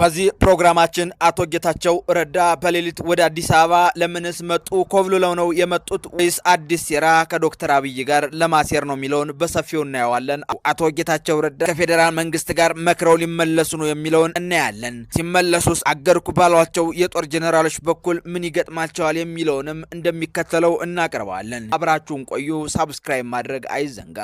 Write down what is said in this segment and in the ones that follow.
በዚህ ፕሮግራማችን አቶ ጌታቸው ረዳ በሌሊት ወደ አዲስ አበባ ለምንስ መጡ? ኮብልለው ነው የመጡት ወይስ አዲስ ሴራ ከዶክተር አብይ ጋር ለማሴር ነው የሚለውን በሰፊው እናየዋለን። አቶ ጌታቸው ረዳ ከፌዴራል መንግስት ጋር መክረው ሊመለሱ ነው የሚለውን እናያለን። ሲመለሱስ አገርኩ ባሏቸው የጦር ጄኔራሎች በኩል ምን ይገጥማቸዋል የሚለውንም እንደሚከተለው እናቀርባለን። አብራችሁን ቆዩ። ሳብስክራይብ ማድረግ አይዘንጋ።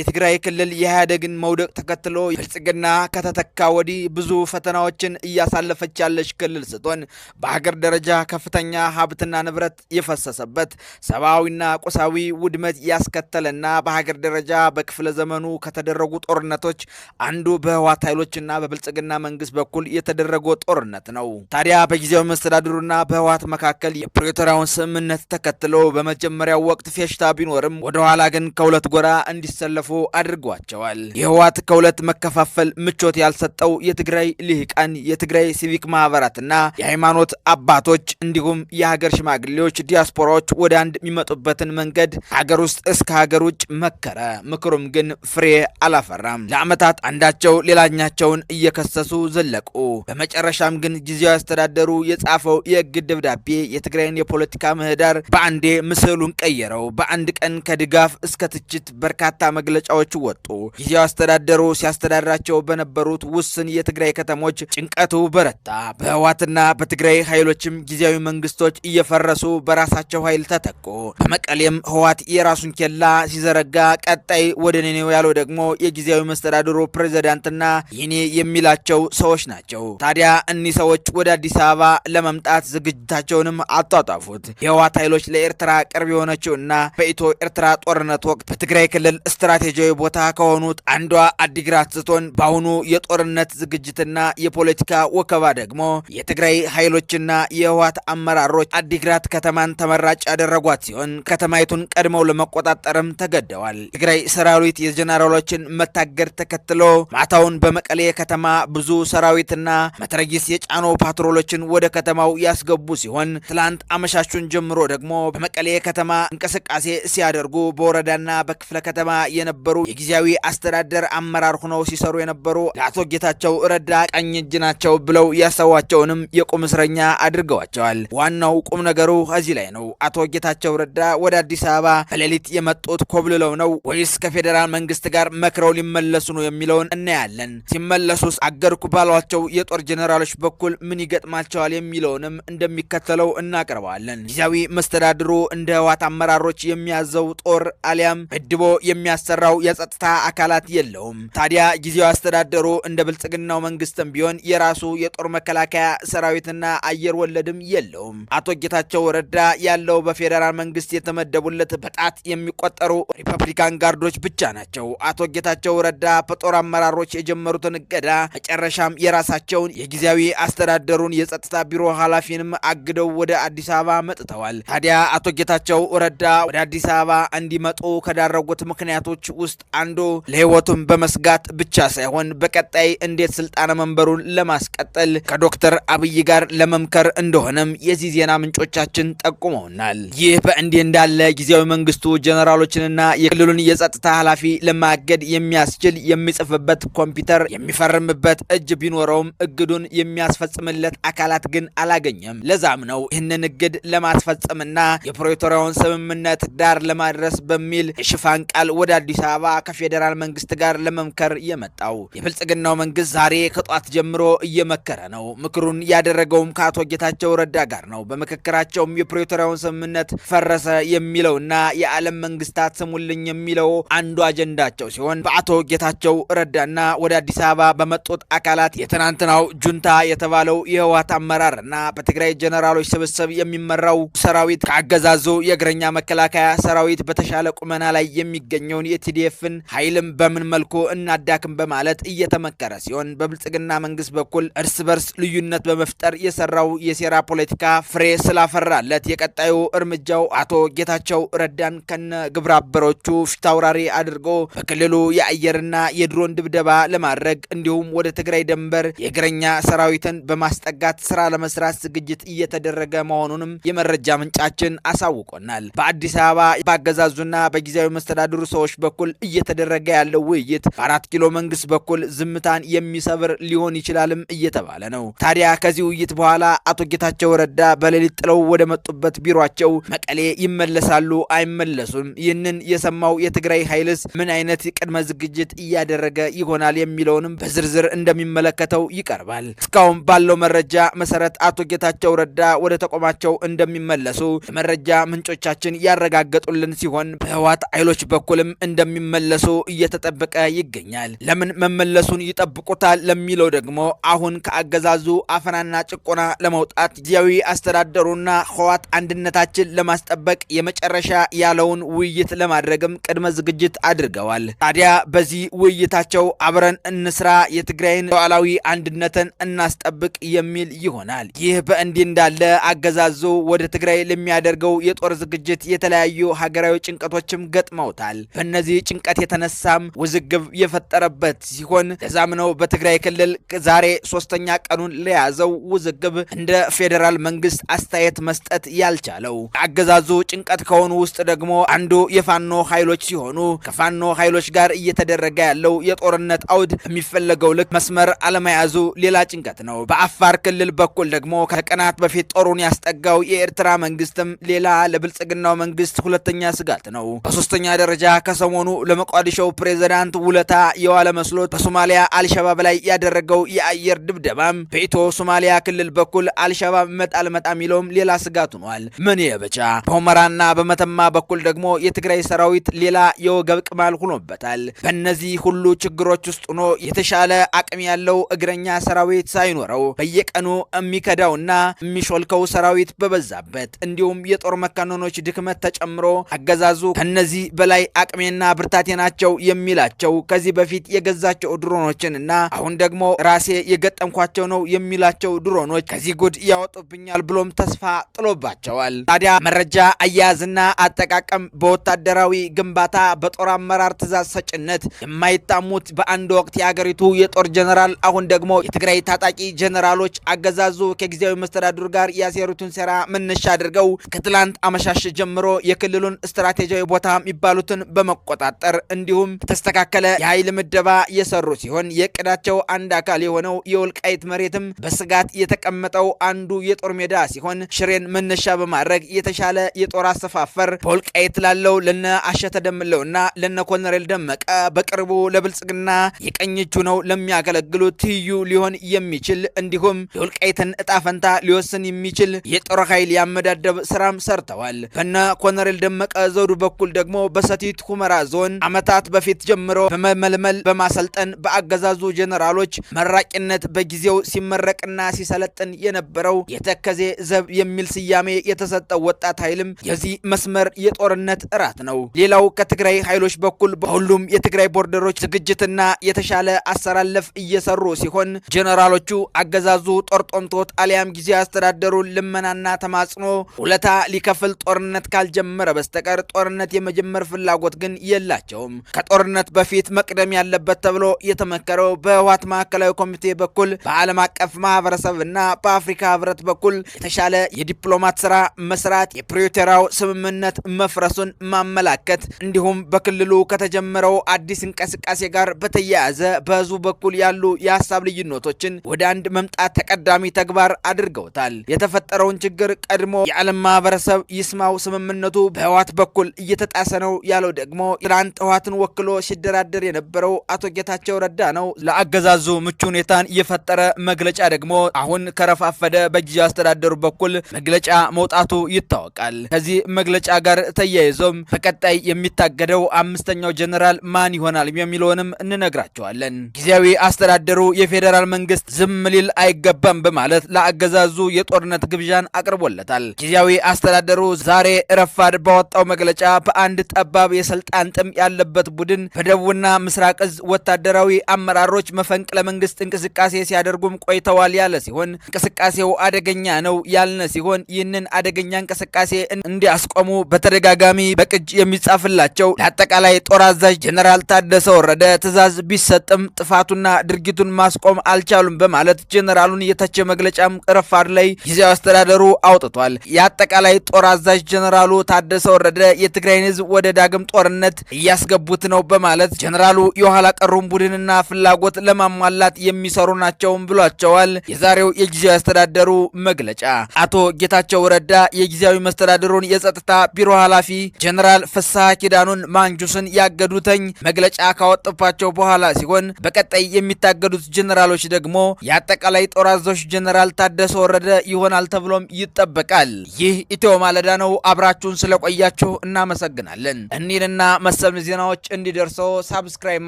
የትግራይ ክልል የኢህአዴግን መውደቅ ተከትሎ ብልጽግና ከተተካ ወዲህ ብዙ ፈተናዎች ችግሮችን እያሳለፈች ያለች ክልል ስትሆን በሀገር ደረጃ ከፍተኛ ሀብትና ንብረት የፈሰሰበት ሰብአዊና ቁሳዊ ውድመት ያስከተለና በሀገር ደረጃ በክፍለ ዘመኑ ከተደረጉ ጦርነቶች አንዱ በህዋት ኃይሎችና በብልጽግና መንግስት በኩል የተደረገ ጦርነት ነው። ታዲያ በጊዜያዊ መስተዳድሩና በህዋት መካከል የፕሪቶሪያውን ስምምነት ተከትሎ በመጀመሪያው ወቅት ፌሽታ ቢኖርም ወደኋላ ግን ከሁለት ጎራ እንዲሰለፉ አድርጓቸዋል። የህዋት ከሁለት መከፋፈል ምቾት ያልሰጠው የትግራይ ልሂቃን የትግራይ ሲቪክ ማህበራትና የሃይማኖት አባቶች እንዲሁም የሀገር ሽማግሌዎች፣ ዲያስፖራዎች ወደ አንድ የሚመጡበትን መንገድ ሀገር ውስጥ እስከ ሀገር ውጭ መከረ። ምክሩም ግን ፍሬ አላፈራም። ለዓመታት አንዳቸው ሌላኛቸውን እየከሰሱ ዘለቁ። በመጨረሻም ግን ጊዜያዊ አስተዳደሩ የጻፈው የእግድ ደብዳቤ የትግራይን የፖለቲካ ምህዳር በአንዴ ምስሉን ቀየረው። በአንድ ቀን ከድጋፍ እስከ ትችት በርካታ መግለጫዎች ወጡ። ጊዜያዊ አስተዳደሩ ሲያስተዳድራቸው በነበሩት ውስን የትግራይ ከተሞች ጭንቀቱ በረታ። በህዋትና በትግራይ ኃይሎችም ጊዜያዊ መንግስቶች እየፈረሱ በራሳቸው ኃይል ተተኩ። በመቀሌም ህዋት የራሱን ኬላ ሲዘረጋ፣ ቀጣይ ወደ እኔ ነው ያለው ደግሞ የጊዜያዊ መስተዳድሩ ፕሬዚዳንትና ይኔ የሚላቸው ሰዎች ናቸው። ታዲያ እኒህ ሰዎች ወደ አዲስ አበባ ለመምጣት ዝግጅታቸውንም አጧጧፉት። የህዋት ኃይሎች ለኤርትራ ቅርብ የሆነችውና በኢትዮ ኤርትራ ጦርነት ወቅት በትግራይ ክልል ስትራቴጂያዊ ቦታ ከሆኑት አንዷ አዲግራት ስትሆን በአሁኑ የጦርነት ዝግጅትና የፖለቲ የፖለቲካ ወከባ ደግሞ የትግራይ ኃይሎችና የህወሓት አመራሮች አዲግራት ከተማን ተመራጭ ያደረጓት ሲሆን ከተማይቱን ቀድመው ለመቆጣጠርም ተገደዋል። ትግራይ ሰራዊት የጀነራሎችን መታገድ ተከትሎ ማታውን በመቀሌ ከተማ ብዙ ሰራዊትና መትረጊስ የጫኑ ፓትሮሎችን ወደ ከተማው ያስገቡ ሲሆን ትላንት አመሻሹን ጀምሮ ደግሞ በመቀሌ ከተማ እንቅስቃሴ ሲያደርጉ በወረዳና በክፍለ ከተማ የነበሩ የጊዜያዊ አስተዳደር አመራር ሆነው ሲሰሩ የነበሩ ለአቶ ጌታቸው ረዳ ቀኝ ናቸው ብለው ያሰቧቸውንም የቁም እስረኛ አድርገዋቸዋል። ዋናው ቁም ነገሩ እዚህ ላይ ነው። አቶ ጌታቸው ረዳ ወደ አዲስ አበባ በሌሊት የመጡት ኮብልለው ነው ወይስ ከፌዴራል መንግስት ጋር መክረው ሊመለሱ ነው የሚለውን እናያለን። ሲመለሱስ አገርኩ ባሏቸው የጦር ጄኔራሎች በኩል ምን ይገጥማቸዋል የሚለውንም እንደሚከተለው እናቀርበዋለን። ጊዜያዊ መስተዳድሩ እንደ ህዋት አመራሮች የሚያዘው ጦር አሊያም እድቦ የሚያሰራው የጸጥታ አካላት የለውም። ታዲያ ጊዜያዊ አስተዳደሩ እንደ ብልጽግናው መንግስትም ቢሆን የራሱ የጦር መከላከያ ሰራዊትና አየር ወለድም የለውም። አቶ ጌታቸው ረዳ ያለው በፌዴራል መንግስት የተመደቡለት በጣት የሚቆጠሩ ሪፐብሊካን ጋርዶች ብቻ ናቸው። አቶ ጌታቸው ረዳ በጦር አመራሮች የጀመሩትን እገዳ መጨረሻም የራሳቸውን የጊዜያዊ አስተዳደሩን የጸጥታ ቢሮ ኃላፊንም አግደው ወደ አዲስ አበባ መጥተዋል። ታዲያ አቶ ጌታቸው ረዳ ወደ አዲስ አበባ እንዲመጡ ከዳረጉት ምክንያቶች ውስጥ አንዱ ለህይወቱም በመስጋት ብቻ ሳይሆን በቀጣይ እንዴት ስልጣነ መንበሩን ለማስቀጠል ከዶክተር አብይ ጋር ለመምከር እንደሆነም የዚህ ዜና ምንጮቻችን ጠቁመውናል። ይህ በእንዲህ እንዳለ ጊዜያዊ መንግስቱ ጀነራሎችንና የክልሉን የጸጥታ ኃላፊ ለማገድ የሚያስችል የሚጽፍበት ኮምፒውተር የሚፈርምበት እጅ ቢኖረውም እግዱን የሚያስፈጽምለት አካላት ግን አላገኘም። ለዛም ነው ይህንን እግድ ለማስፈጸምና የፕሬቶሪያውን ስምምነት ዳር ለማድረስ በሚል የሽፋን ቃል ወደ አዲስ አበባ ከፌዴራል መንግስት ጋር ለመምከር የመጣው። የብልጽግናው መንግስት ዛሬ ከጧት ጀምሮ እየመከረ ነው። ምክሩን ያደረገውም ከአቶ ጌታቸው ረዳ ጋር ነው። በምክክራቸውም የፕሬቶሪያውን ስምምነት ፈረሰ የሚለውና የዓለም መንግስታት ስሙልኝ የሚለው አንዱ አጀንዳቸው ሲሆን በአቶ ጌታቸው ረዳና ወደ አዲስ አበባ በመጡት አካላት የትናንትናው ጁንታ የተባለው የህወሓት አመራርና በትግራይ ጀነራሎች ስብስብ የሚመራው ሰራዊት ከአገዛዙ የእግረኛ መከላከያ ሰራዊት በተሻለ ቁመና ላይ የሚገኘውን የቲዲኤፍን ኃይልም በምን መልኩ እናዳክም በማለት እየተመከረ ሲሆን በብልጽግና መንግስት በኩል እርስ በርስ ልዩነት በመፍጠር የሰራው የሴራ ፖለቲካ ፍሬ ስላፈራለት የቀጣዩ እርምጃው አቶ ጌታቸው ረዳን ከነ ግብረ አበሮቹ ፊታውራሪ አድርጎ በክልሉ የአየርና የድሮን ድብደባ ለማድረግ እንዲሁም ወደ ትግራይ ድንበር የእግረኛ ሰራዊትን በማስጠጋት ስራ ለመስራት ዝግጅት እየተደረገ መሆኑንም የመረጃ ምንጫችን አሳውቆናል። በአዲስ አበባ በአገዛዙና በጊዜያዊ መስተዳድሩ ሰዎች በኩል እየተደረገ ያለው ውይይት በአራት ኪሎ መንግስት በኩል ዝምታን የሚሰብር ሊሆን ይችላል ይችላልም እየተባለ ነው። ታዲያ ከዚህ ውይይት በኋላ አቶ ጌታቸው ረዳ በሌሊት ጥለው ወደ መጡበት ቢሯቸው መቀሌ ይመለሳሉ አይመለሱም? ይህንን የሰማው የትግራይ ኃይልስ ምን አይነት ቅድመ ዝግጅት እያደረገ ይሆናል የሚለውንም በዝርዝር እንደሚመለከተው ይቀርባል። እስካሁን ባለው መረጃ መሰረት አቶ ጌታቸው ረዳ ወደ ተቋማቸው እንደሚመለሱ የመረጃ ምንጮቻችን ያረጋገጡልን ሲሆን በህዋት ኃይሎች በኩልም እንደሚመለሱ እየተጠበቀ ይገኛል። ለምን መመለሱን ይጠብቁታል ለሚለው ደግሞ አሁን ከአገዛዙ አፈናና ጭቆና ለመውጣት ጊዜያዊ አስተዳደሩና ህዋት አንድነታችን ለማስጠበቅ የመጨረሻ ያለውን ውይይት ለማድረግም ቅድመ ዝግጅት አድርገዋል። ታዲያ በዚህ ውይይታቸው አብረን እንስራ፣ የትግራይን ሉዓላዊ አንድነትን እናስጠብቅ የሚል ይሆናል። ይህ በእንዲህ እንዳለ አገዛዙ ወደ ትግራይ ለሚያደርገው የጦር ዝግጅት የተለያዩ ሀገራዊ ጭንቀቶችም ገጥመውታል። በእነዚህ ጭንቀት የተነሳም ውዝግብ የፈጠረበት ሲሆን ለዛም ነው በትግራይ ክልል ዛሬ ዛሬ ሶስተኛ ቀኑን ለያዘው ውዝግብ እንደ ፌዴራል መንግስት አስተያየት መስጠት ያልቻለው አገዛዙ ጭንቀት ከሆኑ ውስጥ ደግሞ አንዱ የፋኖ ኃይሎች ሲሆኑ ከፋኖ ኃይሎች ጋር እየተደረገ ያለው የጦርነት አውድ የሚፈለገው ልክ መስመር አለመያዙ ሌላ ጭንቀት ነው። በአፋር ክልል በኩል ደግሞ ከቀናት በፊት ጦሩን ያስጠጋው የኤርትራ መንግስትም ሌላ ለብልጽግናው መንግስት ሁለተኛ ስጋት ነው። በሶስተኛ ደረጃ ከሰሞኑ ለሞቃዲሾው ፕሬዚዳንት ውለታ የዋለ መስሎት በሶማሊያ አልሸባብ ላይ ያደረገው የአየር ድብደባም በኢትዮ ሶማሊያ ክልል በኩል አልሸባብ መጣል መጣ የሚለውም ሌላ ስጋት ሆኗል። ምን የበቻ በሆመራና በመተማ በኩል ደግሞ የትግራይ ሰራዊት ሌላ የወገብ ቅማል ሆኖበታል። በእነዚህ ሁሉ ችግሮች ውስጥ ሆኖ የተሻለ አቅም ያለው እግረኛ ሰራዊት ሳይኖረው በየቀኑ የሚከዳውና የሚሾልከው ሰራዊት በበዛበት እንዲሁም የጦር መካነኖች ድክመት ተጨምሮ አገዛዙ ከነዚህ በላይ አቅሜና ብርታቴ ናቸው የሚላቸው ከዚህ በፊት የገዛቸው ድሮኖችንና አሁን ደግሞ ራሴ የገጠምኳቸው ነው የሚላቸው ድሮኖች ከዚህ ጉድ ያወጡብኛል ብሎም ተስፋ ጥሎባቸዋል። ታዲያ መረጃ አያያዝና አጠቃቀም በወታደራዊ ግንባታ በጦር አመራር ትእዛዝ ሰጭነት የማይታሙት በአንድ ወቅት የአገሪቱ የጦር ጀኔራል አሁን ደግሞ የትግራይ ታጣቂ ጀኔራሎች አገዛዙ ከጊዜያዊ መስተዳድሩ ጋር ያሴሩትን ሴራ መነሻ አድርገው ከትላንት አመሻሽ ጀምሮ የክልሉን ስትራቴጂያዊ ቦታ የሚባሉትን በመቆጣጠር እንዲሁም የተስተካከለ የኃይል ምደባ የሰሩ ሲሆን የእቅዳቸው አንድ አካል የሆነ የሆነው የወልቃይት መሬትም በስጋት የተቀመጠው አንዱ የጦር ሜዳ ሲሆን ሽሬን መነሻ በማድረግ የተሻለ የጦር አሰፋፈር በወልቃይት ላለው ለነ አሸተ ደምለውና ለነ ኮሎኔል ደመቀ በቅርቡ ለብልጽግና የቀኝ ነው ለሚያገለግሉ ትይዩ ሊሆን የሚችል እንዲሁም የወልቃይትን እጣ ፈንታ ሊወስን የሚችል የጦር ኃይል ያመዳደብ ስራም ሰርተዋል። በነ ኮሎኔል ደመቀ ዘውዱ በኩል ደግሞ በሰቲት ሁመራ ዞን ዓመታት በፊት ጀምሮ በመመልመል በማሰልጠን በአገዛዙ ጄኔራሎች መራቂ በአጥባቂነት በጊዜው ሲመረቅና ሲሰለጥን የነበረው የተከዜ ዘብ የሚል ስያሜ የተሰጠው ወጣት ኃይልም የዚህ መስመር የጦርነት እራት ነው። ሌላው ከትግራይ ኃይሎች በኩል በሁሉም የትግራይ ቦርደሮች ዝግጅትና የተሻለ አሰላለፍ እየሰሩ ሲሆን ጀነራሎቹ አገዛዙ ጦርጦምቶት አሊያም ጊዜ አስተዳደሩ ልመናና ተማጽኖ ውለታ ሊከፍል ጦርነት ካልጀመረ በስተቀር ጦርነት የመጀመር ፍላጎት ግን የላቸውም። ከጦርነት በፊት መቅደም ያለበት ተብሎ የተመከረው በህወሓት ማዕከላዊ ኮሚቴ መንግስቴ በኩል በዓለም አቀፍ ማህበረሰብ እና በአፍሪካ ህብረት በኩል የተሻለ የዲፕሎማት ስራ መስራት የፕሪቶሪያው ስምምነት መፍረሱን ማመላከት እንዲሁም በክልሉ ከተጀመረው አዲስ እንቅስቃሴ ጋር በተያያዘ በህዝቡ በኩል ያሉ የሀሳብ ልዩነቶችን ወደ አንድ መምጣት ተቀዳሚ ተግባር አድርገውታል። የተፈጠረውን ችግር ቀድሞ የዓለም ማህበረሰብ ይስማው። ስምምነቱ በህዋት በኩል እየተጣሰ ነው ያለው ደግሞ ትናንት ህዋትን ወክሎ ሲደራደር የነበረው አቶ ጌታቸው ረዳ ነው። ለአገዛዙ ምቹ ሁኔታ ሁኔታን እየፈጠረ መግለጫ ደግሞ አሁን ከረፋፈደ በጊዜው አስተዳደሩ በኩል መግለጫ መውጣቱ ይታወቃል። ከዚህ መግለጫ ጋር ተያይዞም በቀጣይ የሚታገደው አምስተኛው ጀኔራል ማን ይሆናል የሚለውንም እንነግራቸዋለን። ጊዜያዊ አስተዳደሩ የፌዴራል መንግስት ዝም ሊል አይገባም በማለት ለአገዛዙ የጦርነት ግብዣን አቅርቦለታል። ጊዜያዊ አስተዳደሩ ዛሬ ረፋድ ባወጣው መግለጫ በአንድ ጠባብ የስልጣን ጥም ያለበት ቡድን በደቡብና ምስራቅ እዝ ወታደራዊ አመራሮች መፈንቅለ መንግስት እንቅስቃሴ እንቅስቃሴ ሲያደርጉም ቆይተዋል ያለ ሲሆን እንቅስቃሴው አደገኛ ነው ያልነ ሲሆን ይህንን አደገኛ እንቅስቃሴ እንዲያስቆሙ በተደጋጋሚ በቅጅ የሚጻፍላቸው ለአጠቃላይ ጦር አዛዥ ጀነራል ታደሰ ወረደ ትዕዛዝ ቢሰጥም ጥፋቱና ድርጊቱን ማስቆም አልቻሉም በማለት ጀነራሉን የተቸ መግለጫም ረፋድ ላይ ጊዜያዊ አስተዳደሩ አውጥቷል። የአጠቃላይ ጦር አዛዥ ጀነራሉ ታደሰ ወረደ የትግራይን ህዝብ ወደ ዳግም ጦርነት እያስገቡት ነው በማለት ጀነራሉ የኋላ ቀሩን ቡድንና ፍላጎት ለማሟላት የሚ የሚሰሩ ናቸውም ብሏቸዋል። የዛሬው የጊዜያዊ አስተዳደሩ መግለጫ አቶ ጌታቸው ረዳ የጊዜያዊ መስተዳድሩን የጸጥታ ቢሮ ኃላፊ ጀኔራል ፍስሐ ኪዳኑን ማንጁስን ያገዱተኝ መግለጫ ካወጡባቸው በኋላ ሲሆን በቀጣይ የሚታገዱት ጀኔራሎች ደግሞ የአጠቃላይ ጦር አዛዦች ጀኔራል ታደሰ ወረደ ይሆናል ተብሎም ይጠበቃል። ይህ ኢትዮ ማለዳ ነው። አብራችሁን ስለቆያችሁ እናመሰግናለን። እኒህንና መሰል ዜናዎች እንዲደርሰው ሳብስክራይብ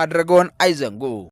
ማድረገውን አይዘንጉ።